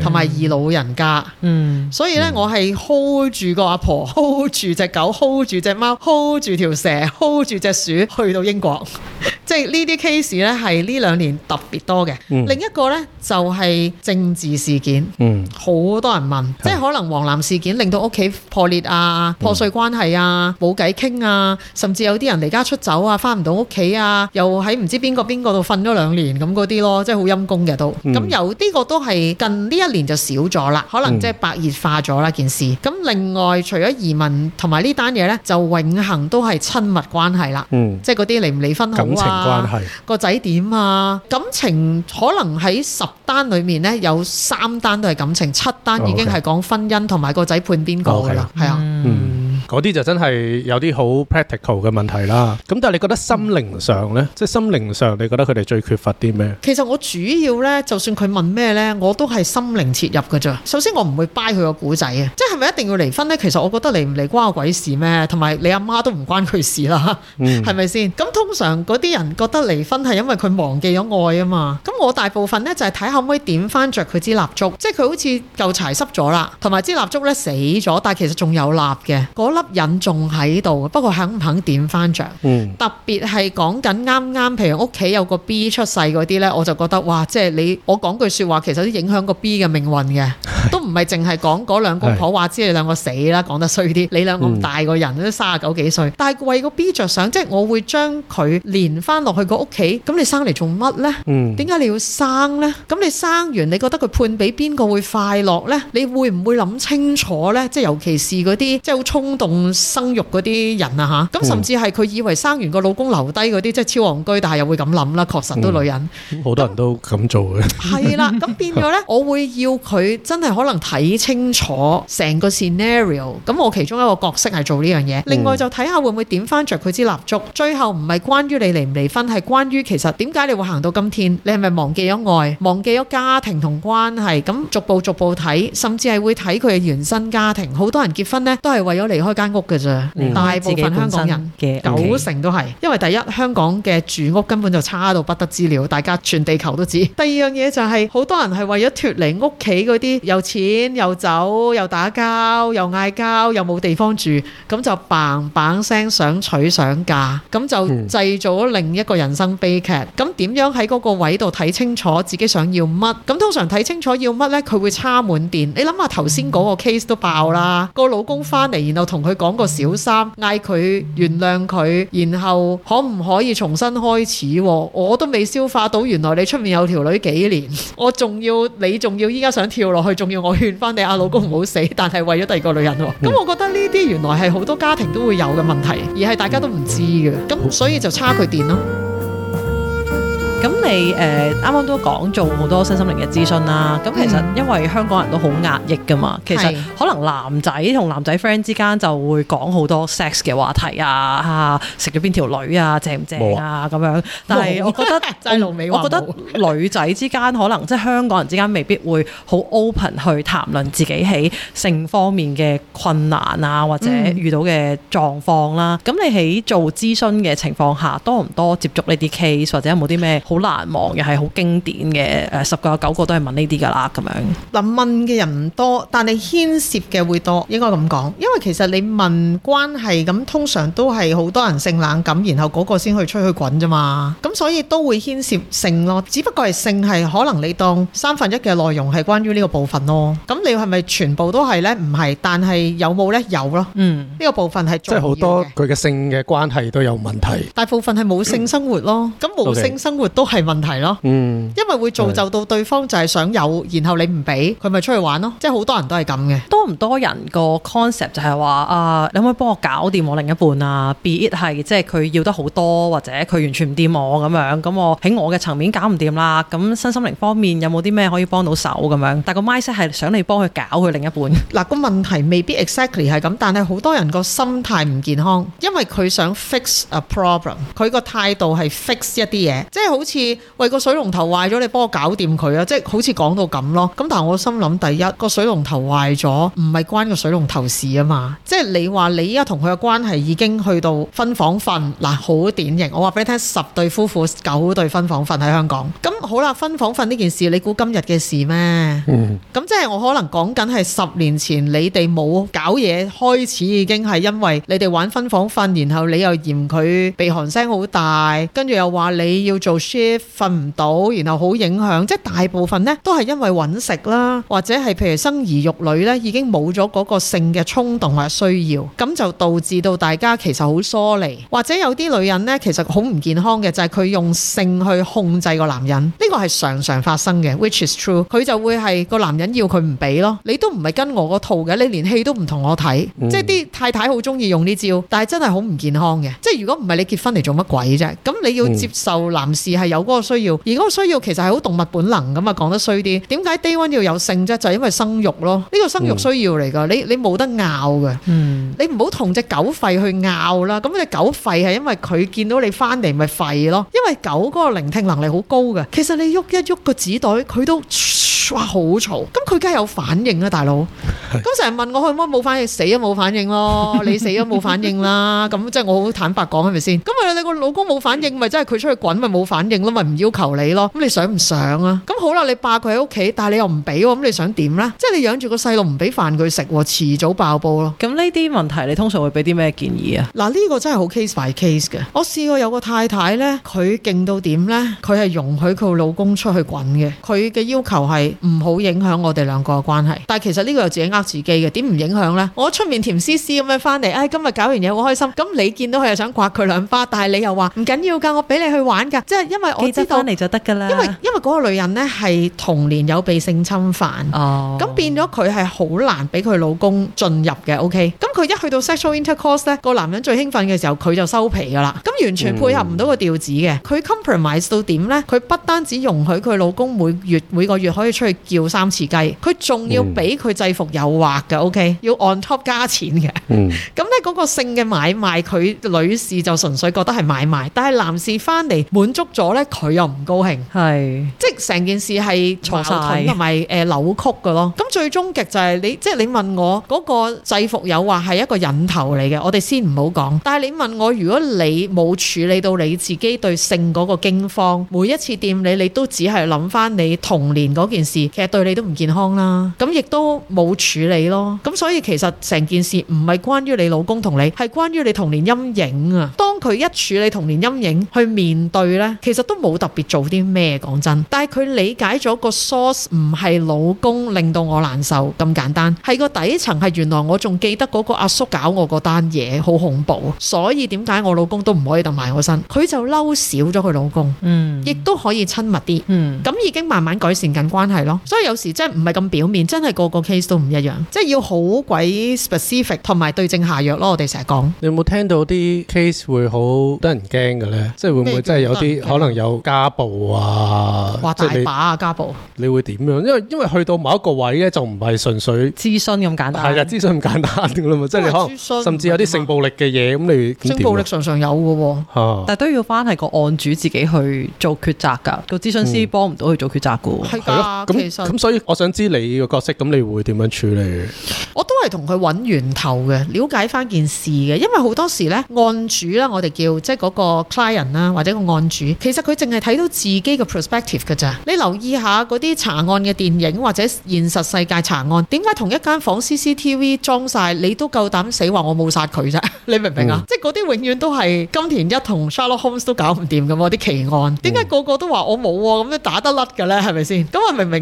同埋二移老人家，的嗯，所以呢，我係 hold 住個阿婆，hold 住隻狗，hold 住隻貓，hold 住條蛇，hold 住隻鼠去到英國， 即係呢啲 case 呢，係呢兩年特別多嘅。嗯、另一個呢，就係政治事件，嗯，好多人問，的即係可能黃藍事件令到屋企破裂啊，破碎關係、嗯。啊，冇偈傾啊，甚至有啲人離家出走啊，翻唔到屋企啊，又喺唔知邊個邊個度瞓咗兩年咁嗰啲咯，即係好陰公嘅都。咁、嗯、有啲個都係近呢一年就少咗啦，可能即係白熱化咗啦、嗯、件事。咁另外除咗移民同埋呢單嘢呢，就永恆都係親密關係啦，嗯、即係嗰啲離唔離婚好、啊、感情關係個仔點啊，感情可能喺十單裏面呢，有三單都係感情，七單已經係講婚姻同埋個仔判邊個噶啦，係啊、嗯，啲就、嗯。嗯真係有啲好 practical 嘅問題啦。咁但係你覺得心靈上呢？即係心靈上，你覺得佢哋最缺乏啲咩？其實我主要呢，就算佢問咩呢，我都係心靈切入嘅啫。首先我唔會掰佢個古仔啊，即係咪一定要離婚呢？其實我覺得離唔離關我鬼事咩？同埋你阿媽都唔關佢事啦，係咪先？咁通常嗰啲人覺得離婚係因為佢忘記咗愛啊嘛。咁我大部分呢，就係睇下可唔可以點翻着佢支蠟燭，即係佢好似舊柴濕咗啦，同埋支蠟燭呢死咗，但係其實仲有蠟嘅嗰粒人。仲喺度，不過肯唔肯點翻賬？嗯、特別係講緊啱啱，譬如屋企有個 B 出世嗰啲呢，我就覺得哇，即係你我講句說話，其實都影響個 B 嘅命運嘅。都唔係淨係講嗰兩公婆話知是的 你兩個死啦，講得衰啲。你兩個咁大個人都、嗯、三廿九幾歲，但係為個 B 着想，即係我會將佢連返落去個屋企。咁你生嚟做乜呢？點解、嗯、你要生呢？咁你生完，你覺得佢判俾邊個會快樂呢？你會唔會諗清楚呢？即係尤其是嗰啲即係好衝動生育嗰啲人啊嚇。咁甚至係佢以為生完個老公留低嗰啲，即係超戇居，但係又會咁諗啦。確實都女人，好、嗯、那多人都咁做嘅。係啦，咁變咗呢，我會要佢真係。可能睇清楚成個 scenario，咁我其中一個角色係做呢樣嘢。另外就睇下會唔會點翻着佢支蠟燭，嗯、最後唔係關於你離唔離婚，係關於其實點解你會行到今天。你係咪忘記咗愛，忘記咗家庭同關係，咁逐步逐步睇，甚至係會睇佢嘅原生家庭。好多人結婚咧，都係為咗離開間屋嘅啫。嗯、大部分香港人嘅九成都係，因為第一香港嘅住屋根本就差到不得之了，大家全地球都知。第二樣嘢就係、是、好多人係為咗脫離屋企嗰啲有。錢又走，又打交，又嗌交，又冇地方住，咁就砰砰聲想娶想嫁，咁就製造另一個人生悲劇。咁點樣喺嗰個位度睇清楚自己想要乜？咁通常睇清楚要乜呢？佢會插滿電。你諗下頭先嗰個 case 都爆啦，個老公翻嚟，然後同佢講個小三，嗌佢原諒佢，然後可唔可以重新開始？我都未消化到，原來你出面有條女幾年，我仲要你仲要依家想跳落去，仲。要我勸翻你阿老公唔好死，但係為咗第二個女人，咁、嗯、我覺得呢啲原來係好多家庭都會有嘅問題，而係大家都唔知嘅，咁所以就差佢電咯。咁你誒啱啱都講做好多身心靈嘅諮詢啦，咁、嗯、其實因為香港人都好壓抑噶嘛，是其實可能男仔同男仔 friend 之間就會講好多 sex 嘅話題啊，嚇食咗邊條女啊，正唔正啊咁樣。有但係我覺得 我，我覺得女仔之間可能即係、即係、香港人之間未必會好 open 去談論自己喺性方面嘅困難啊，或者遇到嘅狀況啦、啊。咁、嗯、你喺做諮詢嘅情況下，多唔多接觸呢啲 case，或者有冇啲咩？好難忘嘅係好經典嘅，誒十個有九個都係問呢啲㗎啦，咁樣。嗱問嘅人唔多，但係牽涉嘅會多，應該咁講。因為其實你問關係咁，通常都係好多人性冷感，然後嗰個先去出去滾啫嘛。咁所以都會牽涉性咯，只不過係性係可能你當三分一嘅內容係關於呢個部分咯。咁你係咪全部都係呢？唔係，但係有冇呢？有咯。嗯。呢個部分係即係好多佢嘅性嘅關係都有問題。大部分係冇性生活咯，咁冇、嗯嗯、性生活都。都係問題咯，嗯，因為會造就到對方就係想有，嗯、然後你唔俾佢咪出去玩咯，即係好多人都係咁嘅。多唔多人個 concept 就係話啊，你可唔可以幫我搞掂我另一半啊？be it 係即係佢要得好多，或者佢完全唔掂我咁樣，咁我喺我嘅層面搞唔掂啦。咁身心靈方面有冇啲咩可以幫到手咁樣？但個 mindset 係想你幫佢搞佢另一半，啊。嗱個問題未必 exactly 係咁，但係好多人個心態唔健康，因為佢想 fix a problem，佢個態度係 fix 一啲嘢，即係好似。似喂個水龍頭壞咗，你幫我搞掂佢啊！即係好似講到咁咯。咁但係我心諗，第一個水龍頭壞咗唔係關個水龍頭事啊嘛！即係你話你依家同佢嘅關係已經去到分房瞓嗱，好典型。我話俾你聽十對夫婦九對分房瞓喺香港。咁好啦，分房瞓呢件事，你估今日嘅事咩？咁、嗯、即係我可能講緊係十年前你哋冇搞嘢開始，已經係因為你哋玩分房瞓，然後你又嫌佢鼻鼾聲好大，跟住又話你要做 share 瞓唔到，然後好影響，即係大部分咧都係因為揾食啦，或者係譬如生兒育女咧，已經冇咗嗰個性嘅衝動或者需要，咁就導致到大家其實好疏離，或者有啲女人呢，其實好唔健康嘅，就係佢用性去控制個男人，呢個係常常發生嘅，which is true，佢就會係個男人要佢唔俾咯，你都唔係跟我個套嘅，你連戲都唔同我睇，嗯、即係啲太太好中意用呢招，但係真係好唔健康嘅，即係如果唔係你結婚嚟做乜鬼啫，咁你要接受男士。係有嗰個需要，而嗰個需要其實係好動物本能噶嘛，講得衰啲。點解 day one 要有性啫？就係、是、因為生育咯，呢、這個生育需要嚟噶、嗯。你、嗯、你冇得拗嘅，你唔好同隻狗吠去拗啦。咁、那、隻、個、狗吠係因為佢見到你翻嚟，咪吠咯。因為狗嗰個聆聽能力好高嘅，其實你喐一喐個紙袋佢都。哇，好嘈！咁佢梗係有反應啊，大佬。咁成日問我可唔冇反應，死都冇反應咯。 你死都冇反應啦。咁即係我好坦白講，係咪先？咁啊，你個老公冇反應，咪即係佢出去滾，咪冇反應咯，咪唔要求你咯。咁你想唔想啊？咁好啦，你霸佢喺屋企，但係你又唔俾，咁你想點呢？即係你養住個細路，唔俾飯佢食，遲早爆煲咯。咁呢啲問題，你通常會俾啲咩建議啊？嗱，呢、呢個真係好 case by case 嘅。我試過有個太太呢，佢勁到點呢？佢係容許佢老公出去滾嘅。佢嘅要求係。唔好影響我哋兩個嘅關係，但係其實呢個又自己呃自己嘅，點唔影響呢？我出面甜絲絲咁樣翻嚟，哎，今日搞完嘢好開心，咁你見到佢又想刮佢兩巴，但係你又話唔緊要㗎，我俾你去玩㗎，即係因為我知道翻嚟就得㗎啦。因為因為嗰個女人呢係童年有被性侵犯，咁、oh。變咗佢係好難俾佢老公進入嘅。OK，咁佢一去到 sexual intercourse 呢，個男人最興奮嘅時候，佢就收皮㗎啦，咁完全配合唔到個調子嘅。佢 compromise 到點呢？佢不單止容許佢老公每月每個月可以，去叫三次雞，佢仲要俾佢制服誘惑嘅，OK？要 on top 加錢嘅，咁咧嗰個性嘅買賣，佢女士就純粹覺得係買賣，但係男士翻嚟滿足咗咧，佢又唔高興，係的即係成件事係嘈骨同埋誒扭曲嘅咯。咁的最終極就係、是、你，即係你問我嗰、那個制服誘惑係一個引頭嚟嘅，我哋先唔好講。但係你問我，如果你冇處理到你自己對性嗰個驚慌，每一次掂你，你都只係諗翻你童年嗰件事。其實對你都唔健康啦，咁亦都冇處理咯，咁所以其實成件事唔係關於你老公同你，係關於你童年陰影啊。當佢一處理童年陰影去面對呢，其實都冇特別做啲咩講真。但係佢理解咗個 source 唔係老公令到我難受咁簡單，係個底層係原來我仲記得嗰個阿叔搞我嗰單嘢好恐怖，所以點解我老公都唔可以揼埋我身，佢就嬲少咗佢老公，嗯，亦都可以親密啲，嗯，咁已經慢慢改善緊關係。係咯，所以有時真係唔係咁表面，真係個個 case 都唔一樣，即係要好鬼 specific 同埋對症下藥咯。我哋成日講，你有冇聽到啲 case 會好得人驚嘅咧？即係會唔會真係有啲可能有家暴啊？哇，大把啊你家暴！你會點樣？因為因為去到某一個位咧，就唔係純粹諮詢咁簡單。係啊，諮詢咁簡單噶啦嘛，即係 諮 你可能甚至有啲性暴力嘅嘢咁，你性暴力常常有嘅喎、啊，啊、但係都要翻係個案主自己去做抉擇噶，嗯、個諮詢師幫唔到去做抉擇嘅。係噶、嗯。嗯咁、嗯、所以我想知你個角色，咁你會點樣處理？我都係同佢揾源頭嘅，了解翻件事嘅。因為好多時呢，案主啦，我哋叫即係嗰個 client 啦，或者個案主，其實佢淨係睇到自己嘅 perspective 噶咋。你留意下嗰啲查案嘅電影或者現實世界查案，點解同一間房 CCTV 裝晒，你都夠膽死話我冇殺佢啫？你明唔明啊？嗯、即係嗰啲永遠都係金田一同 Sherlock Holmes 都搞唔掂咁啊！啲奇案，點解個個都話我冇啊？咁樣打得甩嘅咧，係咪先？咁啊，明唔明。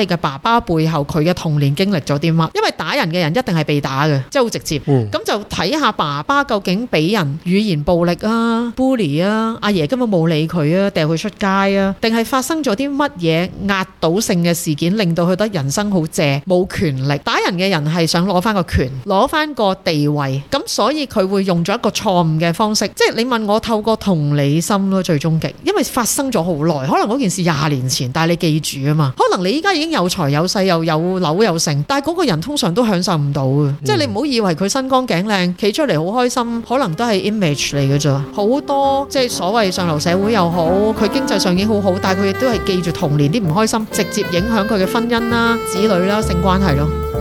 你嘅爸爸背後，佢嘅童年經歷咗啲乜？因為打人嘅人一定係被打嘅，即係好直接。咁、嗯、就睇下爸爸究竟俾人語言暴力啊、bully 啊、阿爺根本冇理佢啊、掟佢出街啊，定係發生咗啲乜嘢壓倒性嘅事件，令到佢覺得人生好謝、冇權力？打人嘅人係想攞翻個權、攞翻個地位，咁所以佢會用咗一個錯誤嘅方式。即、就、係、是、你問我透過同理心咯，最終極，因為發生咗好耐，可能嗰件事廿年前，但係你記住啊嘛，可能你依家已經。有財有勢又有樓有成，但係嗰個人通常都享受唔到嘅。嗯、即係你唔好以為佢身光頸靚，企出嚟好開心，可能都係 image 嚟嘅咋。好多即係所謂上流社會又好，佢經濟上已經好好，但係佢亦都係記住童年啲唔開心，直接影響佢嘅婚姻啦、啊、子女啦、啊、性關係咯、啊。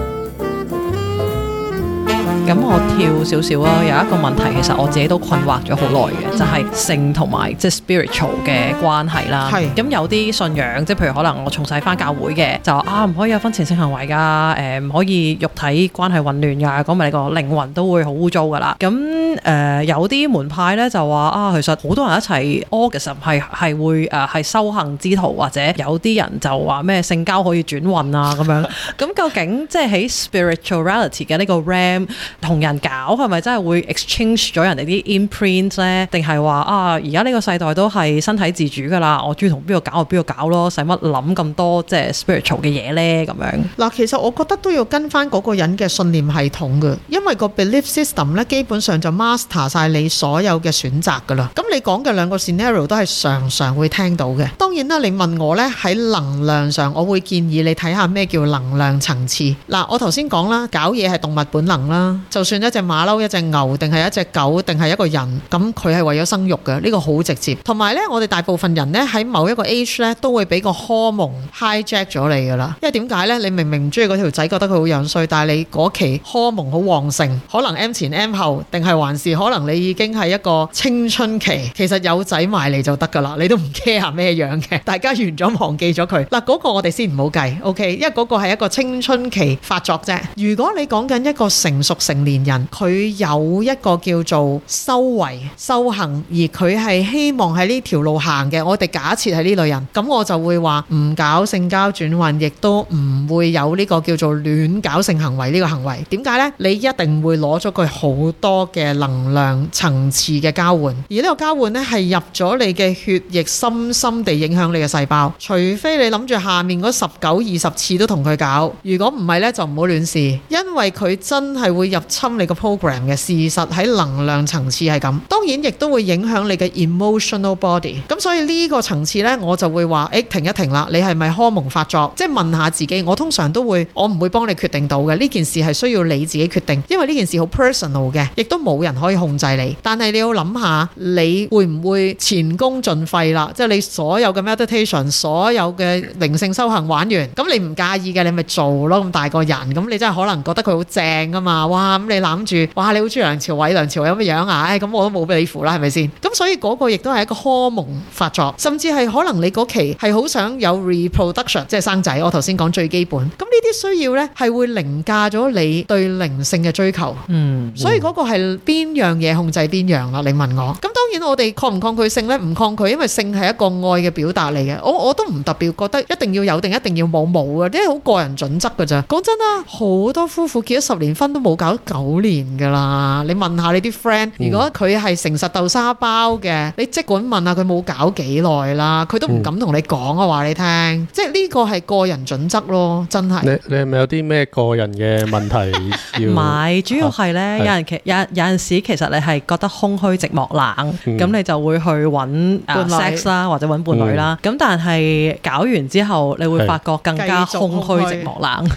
咁我跳少少咯，有一個問題，其實我自己都困惑咗好耐嘅，就係性同埋即係 spiritual 嘅關係啦。咁是有啲信仰，即係譬如可能我從細返教會嘅，就話啊唔可以有婚前性行為噶，誒、嗯、唔可以肉體關係混亂噶，咁咪你個靈魂都會好污糟噶啦。咁誒、呃、有啲門派咧就話啊，其實好多人一齊 orgasm 係係係修行之途，或者有啲人就話咩性交可以轉運啊咁樣。咁 究竟即係喺 spirituality 嘅呢個 realm 同人搞係咪真係會 exchange 咗人哋啲 imprint 咧？定係話啊，而家呢個世代都係身體自主噶啦，我中意同邊個搞我邊個搞咯，使乜諗咁多即係 spiritual 嘅嘢呢？咁樣嗱，其實我覺得都要跟翻嗰個人嘅信念系統嘅，因為個 belief system 咧基本上就 master 晒你所有嘅選擇噶啦。咁你講嘅兩個 scenario 都係常常會聽到嘅。當然啦，你問我呢，喺能量上，我會建議你睇下咩叫能量層次嗱。我頭先講啦，搞嘢係動物本能啦。就算一隻馬騮、一隻牛，定係一隻狗，定係一個人，咁佢係為咗生育嘅，呢、這個好直接。同埋呢，我哋大部分人呢喺某一個 age 呢，都會俾個荷爾蒙 hijack 咗你㗎啦。因為點解呢？你明明唔中意嗰條仔，覺得佢好樣衰，但係你嗰期荷爾蒙好旺盛，可能 M 前 M 後，定係還是，還是可能你已經係一個青春期。其實有仔埋嚟就得㗎啦，你都唔 care 咩樣嘅，大家完咗忘記咗佢。嗱、那、嗰個我哋先唔好計，OK，因為嗰個係一個青春期發作啫。如果你講緊一個成熟性。年人佢有一個叫做修為修行，而佢係希望喺呢條路行嘅。我哋假設係呢類人，咁我就會話唔搞性交轉運，亦都唔會有呢個叫做亂搞性行為呢個行為。點解咧？你一定會攞咗佢好多嘅能量層次嘅交換，而呢個交換咧，係入咗你嘅血液，深深地影響你嘅細胞。除非你諗住下面嗰十九二十次都同佢搞，如果唔係咧，就唔好亂試，因為佢真係會入。侵你個 program 嘅事實喺能量層次係咁，當然亦都會影響你嘅 emotional body、嗯。咁所以呢個層次呢，我就會話：誒停一停啦！你係咪荷蒙發作？即係問下自己。我通常都會，我唔會幫你決定到嘅。呢件事係需要你自己決定，因為呢件事好 personal 嘅，亦都冇人可以控制你。但係你要諗下，你會唔會前功盡廢啦？即係你所有嘅 meditation，所有嘅靈性修行玩完，咁、嗯、你唔介意嘅，你咪做咯。咁大個人，咁、嗯、你真係可能覺得佢好正㗎嘛？哇！咁你攬住，哇！你好中意梁朝偉，梁朝偉有乜樣啊？唉、哎，咁我都冇俾你扶啦，係咪先？咁所以嗰個亦都係一個荷蒙發作，甚至係可能你嗰期係好想有 reproduction，即係生仔。我頭先講最基本，咁呢啲需要呢係會凌駕咗你對靈性嘅追求。嗯，嗯所以嗰個係邊樣嘢控制邊樣啊？你問我。咁當然我哋抗唔抗拒性呢？唔抗拒，因為性係一個愛嘅表達嚟嘅。我我都唔特別覺得一定要有定一定要冇冇呀，啲好個人準則噶咋。講真啊，好多夫婦結咗十年婚都冇搞。九年噶啦，你問下你啲 friend，如果佢係誠實豆沙包嘅，你即管問下佢冇搞幾耐啦，佢都唔敢同你講啊！話、嗯、你聽，即係呢個係個人準則咯，真係你你係咪有啲咩個人嘅問題？唔係 啊、主要係咧，有陣其有有陣時其實你係覺得空虛寂寞、冷，咁、嗯、你就會去揾 sex 啦女，啊、sex，或者揾伴侶啦。咁、嗯、但係搞完之後你會發覺更加空虛寂寞、冷，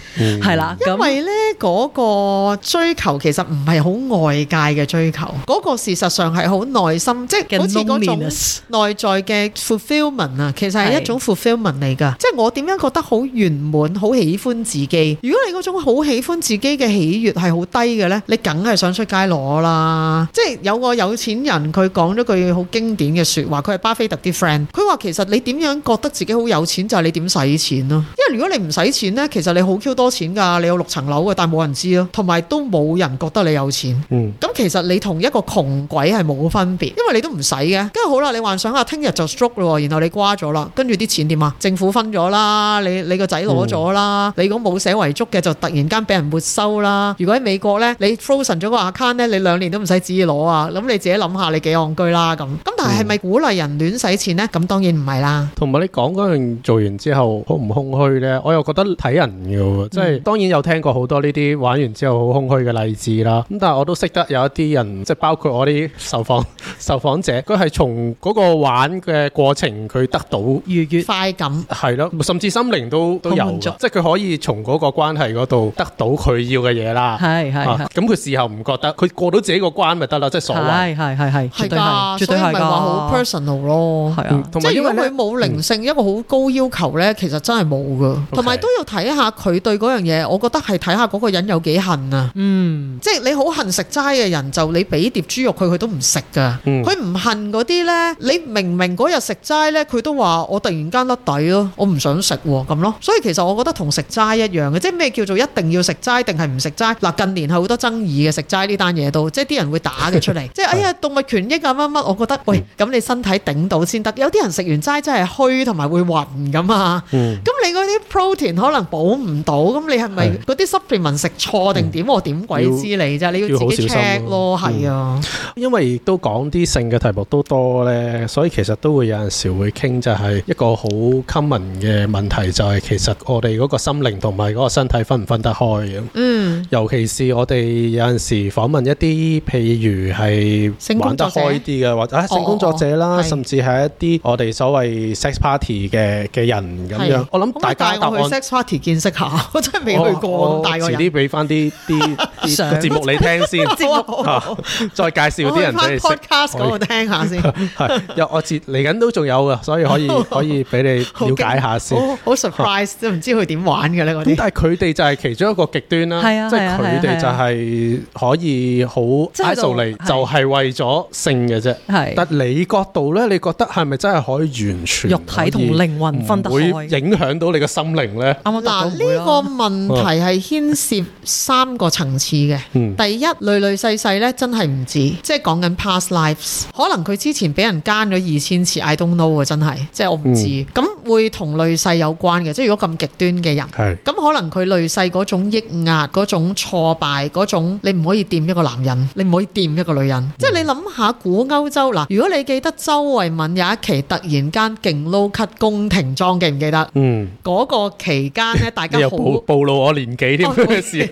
係啦、嗯嗯。 因為咧嗰個追求其實唔係好外界嘅追求，嗰個事實上係好內心，即係好似嗰種內在嘅 fulfillment 啊，其實係一種 fulfillment 嚟噶。是即係我點樣覺得好圓滿、好喜歡自己？如果你嗰種好喜歡自己嘅喜悦係好低嘅呢，你梗係想出街攞啦。即係有個有錢人，佢講咗句好經典嘅說話，佢係巴菲特啲 friend，佢話其實你點樣覺得自己好有錢就係你點使錢咯。因為如果你唔使錢呢，其實你好 Q 多錢噶，你有六層樓嘅，但係冇人知咯，同埋都冇。冇人覺得你有錢，咁、嗯、其實你同一個窮鬼係冇分別，因為你都唔使嘅。跟住好啦，你幻想下，聽日就 stroke 嘞，然後你瓜咗啦，跟住啲錢點啊？政府分咗啦，你你個仔攞咗啦。你、嗯、你如果冇寫遺囑嘅，就突然間俾人沒收啦。如果喺美國呢，你 frozen 咗個 account 呢，你兩年都唔使自己攞啊。咁你自己諗下你，你幾戇居啦咁。咁但係係咪鼓勵人亂使錢呢？咁當然唔係啦。同埋、嗯、你講嗰樣做完之後好唔空虛呢？我又覺得睇人嘅喎，即係、嗯、當然有聽過好多呢啲玩完之後好空虛嘅。例子啦，咁但係我都識得有一啲人，即係包括我啲受訪受訪者，佢係從嗰個玩嘅過程，佢得到愉悅、越越快感，係咯，甚至心靈都都有，即係佢可以從嗰個關係嗰度得到佢要嘅嘢啦。係係，咁佢事後唔覺得，佢過到自己個關咪得啦，即係傻話。係係係係，係噶，絕對所以唔係話好 personal 咯，係啊的。嗯、即係如果佢冇靈性，一個好高要求咧，其實真係冇噶。同埋都要睇下佢對嗰樣嘢，我覺得係睇下嗰個人有幾恨啊。嗯。嗯、即係你好恨食齋嘅人，就你俾碟豬肉佢，佢都唔食噶。佢唔、嗯、恨嗰啲呢，你明明嗰日食齋呢，佢都話我突然間甩底咯，我唔想食咁咯。所以其實我覺得同食齋一樣嘅，即係咩叫做一定要食齋定係唔食齋？嗱，近年係好多爭議嘅食齋呢單嘢都，即係啲人會打嘅出嚟， 即係哎呀動物權益啊乜乜，我覺得喂咁你身體頂到先得，有啲人食完齋真係虛同埋會暈咁啊。咁、嗯、你嗰啲 protein 可能補唔到，咁你係咪嗰啲 supplement 食錯定點我點？未知嚟咋，你要，要自己 check 咯，係啊、嗯。嗯、因為都講啲性嘅題目都多咧，所以其實都會有陣時會傾，就係一個好 common 嘅問題，就係其實我哋嗰個心靈同埋嗰個身體分唔分得開嘅。嗯，尤其是我哋有陣時訪問一啲譬如係玩得開啲嘅，或者性工作者啦，甚至係一啲我哋所謂 sex party 嘅嘅人咁樣。是我諗大家去 sex party 見識下，我真係未去過。我我大個遲啲俾翻啲啲。 上節目你聽先，節目再介紹啲人 podcast 嗰度聽下先。係，又我接嚟緊都仲有噶，所以可以可以俾你了解下先。好，surprise 都唔知佢點玩嘅呢嗰啲。但係佢哋就係其中一個極端啦，即係佢哋就係可以好 isolated 就係為咗性嘅啫。係，但你角度咧，你覺得係咪真係可以完全肉體同靈魂分開，會影響到你嘅心靈咧？嗱呢個問題係牽涉三個層次。第一，累累世世咧，真係唔知，即係講緊 past lives，可能佢之前俾人奸咗二千次，I don't know 啊，真係，即係我唔知，咁、嗯、會同累世有關嘅，即係如果咁極端嘅人，咁是可能佢累世嗰種抑壓、嗰種挫敗、嗰種你唔可以掂一個男人，你唔可以掂一個女人，即係、嗯、你諗下古歐洲嗱，如果你記得周慧敏有一期突然間勁 low cut 宮廷裝，記唔記得？嗯，嗰個期間呢，大家好 暴露我年紀添事。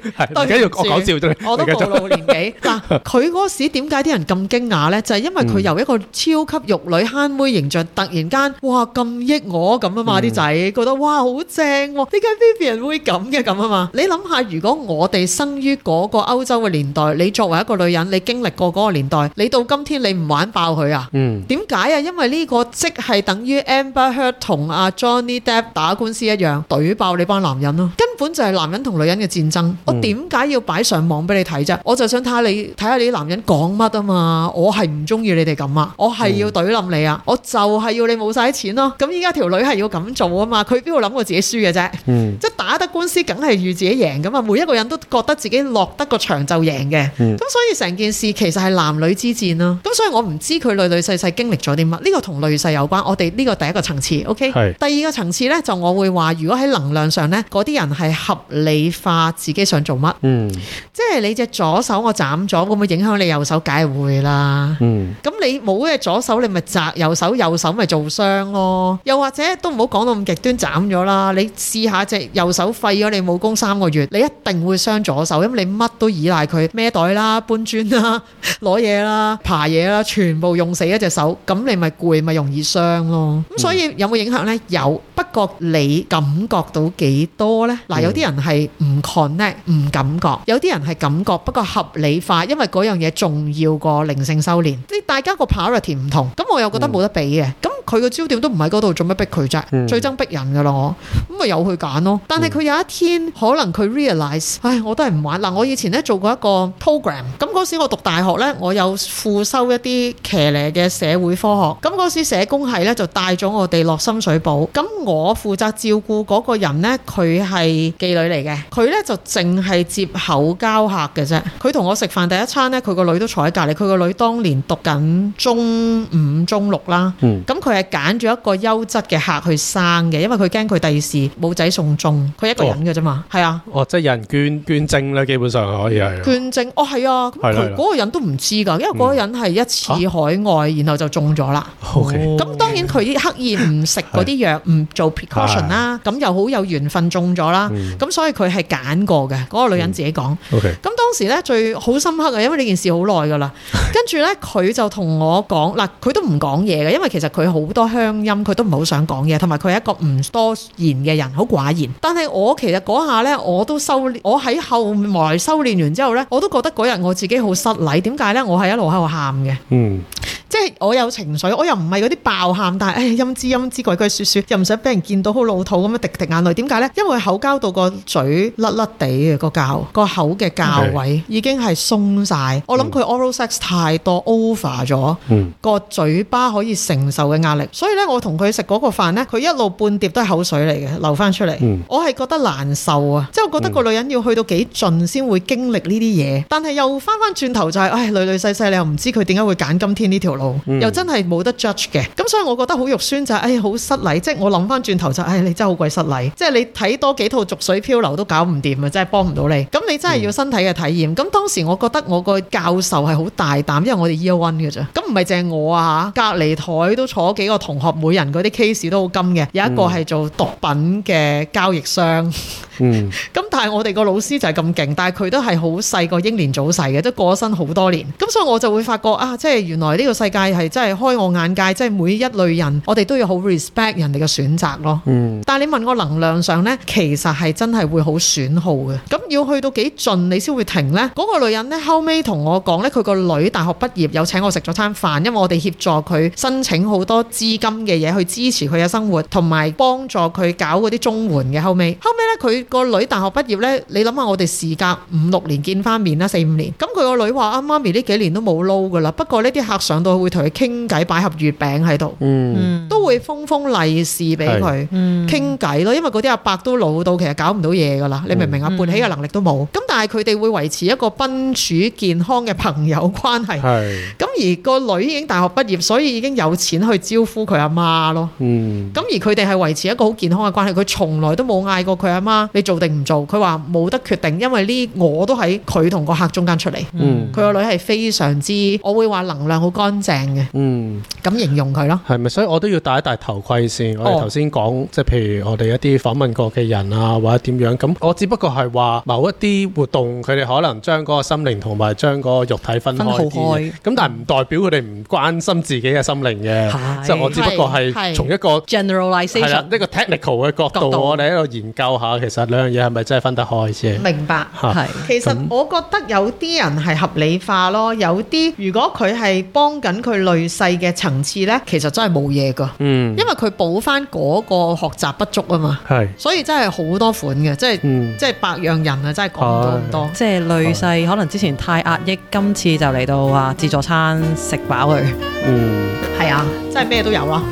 我都暴露年紀嗱，佢嗰 時點解啲人咁驚訝呢？就係、是、因為佢由一個超級玉女慳妹形象，突然間哇咁益我咁啊嘛！啲仔、嗯、覺得哇好正、啊，點解 Vivian 會咁嘅咁啊嘛？你諗下，如果我哋生於嗰個歐洲嘅年代，你作為一個女人，你經歷過嗰個年代，你到今天你唔玩爆佢啊？嗯，點解啊？因為呢個即係等於 Amber Heard 同阿 Johnny Depp 打官司一樣，懟爆你班男人咯、啊。根本就係男人同女人嘅戰爭。我點解要擺？上網俾你睇啫，我就想睇下你睇下你啲男人講乜啊嘛，我係唔中意你哋咁啊，我係要懟冧你啊，嗯、我就係要你冇晒啲錢咯。咁依家條女係要咁做啊嘛，佢邊度諗過自己輸嘅啫？嗯、即係打得官司，梗係預自己贏噶嘛。每一個人都覺得自己落得個場就贏嘅。嗯，咁所以成件事其實係男女之戰咯。咁所以我唔知佢女女細細經歷咗啲乜，呢、呢個同累世有關。我哋呢個第一個層次，OK？是第二個層次呢，就我會話，如果喺能量上呢，嗰啲人係合理化自己想做乜。嗯。即係你隻左手我斬咗，會唔會影響你右手？梗係會啦。嗯。咁你冇隻左手，你咪扎右手，右手咪做傷咯。又或者都唔好講到咁極端，斬咗啦。你試下隻右手廢咗你武功三個月，你一定會傷左手，因為你乜都依賴佢孭袋啦、搬磚啦、攞嘢啦、爬嘢啦，全部用死一隻手，咁你咪攰，咪容易傷咯。咁、嗯、所以有冇影響咧？有，不過你感覺到幾多咧？嗱，有啲人係唔 connect 唔感覺，有啲。有人係感覺，不過合理化，因為嗰樣嘢重要過靈性修煉。即大家個 priority 唔同，咁我又覺得冇得比嘅。咁佢個焦點都唔喺嗰度，做乜逼佢啫？嗯、最憎逼人噶啦，我咁咪有去揀咯。但係佢有一天、嗯、可能佢 realize，唉，我都係唔玩。嗱，我以前咧做過一個 program，咁嗰時我讀大學咧，我有副修一啲騎呢嘅社會科學。咁嗰時社工係咧就帶咗我哋落深水埗。咁我負責照顧嗰個人咧，佢係妓女嚟嘅。佢咧就淨係接口交客嘅啫，佢同我食飯第一餐咧，佢個女都坐喺隔籬。佢個女當年讀緊中五、中六啦，咁佢係揀住一個優質嘅客去生嘅，因為佢驚佢第二時冇仔送終，佢一個人嘅啫嘛，係啊。哦，即係有人捐捐精咧，基本上可以係。捐精哦，係啊，咁嗰個人都唔知噶，因為嗰個人係一次海外，然後就中咗啦。O K，咁當然佢刻意唔食嗰啲藥，唔做 precaution 啦，咁又好有緣分中咗啦，咁所以佢係揀過嘅，嗰個女人自己講。咁 Okay. 當時咧，最好深刻啊，因為呢件事好耐㗎啦。 跟住咧，佢就同我講嗱，佢都唔講嘢嘅，因為其實佢好多鄉音，佢都唔係好想講嘢，同埋佢係一個唔多言嘅人，好寡言。但係我其實嗰下咧，我都修，我喺後來修練完之後咧，我都覺得嗰日我自己好失禮。點解咧？我係一路喺度喊嘅，嗯，即係我有情緒，我又唔係嗰啲爆喊，但係唉，陰滋陰滋，鬼鬼祟祟，又唔想俾人見到好老土咁樣滴滴眼淚。點解咧？因為口交到、個嘴甩甩地嘅個教個口。嘅教位已經係鬆晒，我諗佢 oral sex 太多 over 咗，mm. 個嘴巴可以承受嘅壓力。所以咧，我同佢食嗰個飯咧，佢一路半碟都係口水嚟嘅，流翻出嚟。Mm. 我係覺得難受啊，即係我覺得個女人要去到幾盡先會經歷呢啲嘢，但係又翻翻轉頭就係、是、唉，女女細細，你又唔知佢點解會揀今天呢條路，mm. 又真係冇得 judge 嘅。咁所以我覺得好肉酸就係，誒，好失禮，即係我諗翻轉頭就係、是哎，你真係好鬼失禮，即係你睇多幾套逐水漂流都搞唔掂啊，真係幫唔到你。咁、mm. 你真係要身體嘅體驗，咁當時我覺得我個教授係好大膽，因為我哋 year one 嘅啫，咁唔係淨係我啊，隔離台都坐幾個同學，每人嗰啲 case 都好金嘅，有一個係做毒品嘅交易商。 嗯，咁但係我哋個老師就係咁勁，但係佢都係好細個英年早逝嘅，都過咗身好多年。咁所以我就會發覺啊，即係原來呢個世界係真係開我眼界，即係每一類人，我哋都要好 respect 人哋嘅選擇咯。嗯，但係你問我能量上呢，其實係真係會好損耗嘅。咁要去到幾盡你先會停呢？嗰、那個女人呢，後尾同我講呢佢個女大學畢業，有請我食咗餐飯，因為我哋協助佢申請好多資金嘅嘢去支持佢嘅生活，同埋幫助佢搞嗰啲綜援嘅。後尾後尾呢佢個女大學畢業呢，你諗下，我哋時隔五六年見翻面啦，四五年。咁佢個女話：阿媽咪呢幾年都冇撈噶啦。不過呢啲客上到去會同佢傾偈，擺盒月餅喺度，嗯、都會封封利是俾佢，嗯，傾偈咯。因為嗰啲阿伯都老到其實搞唔到嘢噶啦，你明唔明啊？半起嘅能力都冇。咁、嗯、但係佢哋會維持一個賓主健康嘅朋友關係。咁、嗯、而個女已經大學畢業，所以已經有錢去招呼佢阿媽咯。咁、嗯、而佢哋係維持一個好健康嘅關係，佢從來都冇嗌過佢阿媽。你做定唔做？佢話冇得決定，因為呢我都喺佢同個客中間出嚟。嗯，佢個女係非常之，我會話能量好乾淨嘅。嗯，咁形容佢咯。係咪？所以我都要戴一戴頭盔先。我哋頭先講即係譬如我哋一啲訪問過嘅人啊，或者點樣咁，我只不過係話某一啲活動佢哋可能將嗰個心靈同埋將嗰個肉體分開啲。分好開。咁但係唔代表佢哋唔關心自己嘅心靈嘅，即係我只不過係從一個 generalization 係啦，一個 technical 嘅角度，我哋喺度研究下其實。兩樣嘢係咪真係分得開先？明白，係、啊。是其實我覺得有啲人係合理化咯，有啲如果佢係幫緊佢累世嘅層次呢，其實真係冇嘢㗎。嗯。因為佢補翻嗰個學習不足啊嘛。係是。所以真係好多款嘅，嗯、即係即係百樣人啊，真係講唔多。即係累世可能之前太壓抑，今次就嚟到話自助餐食飽佢。嗯。係啊，真係咩都有啊！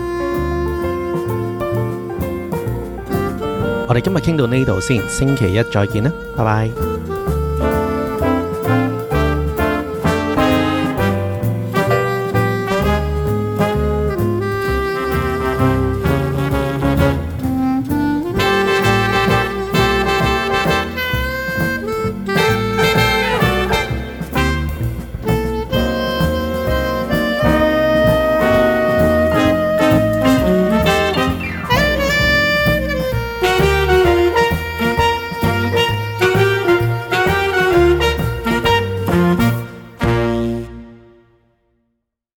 我哋今日傾到呢度先，星期一再見啦，拜拜。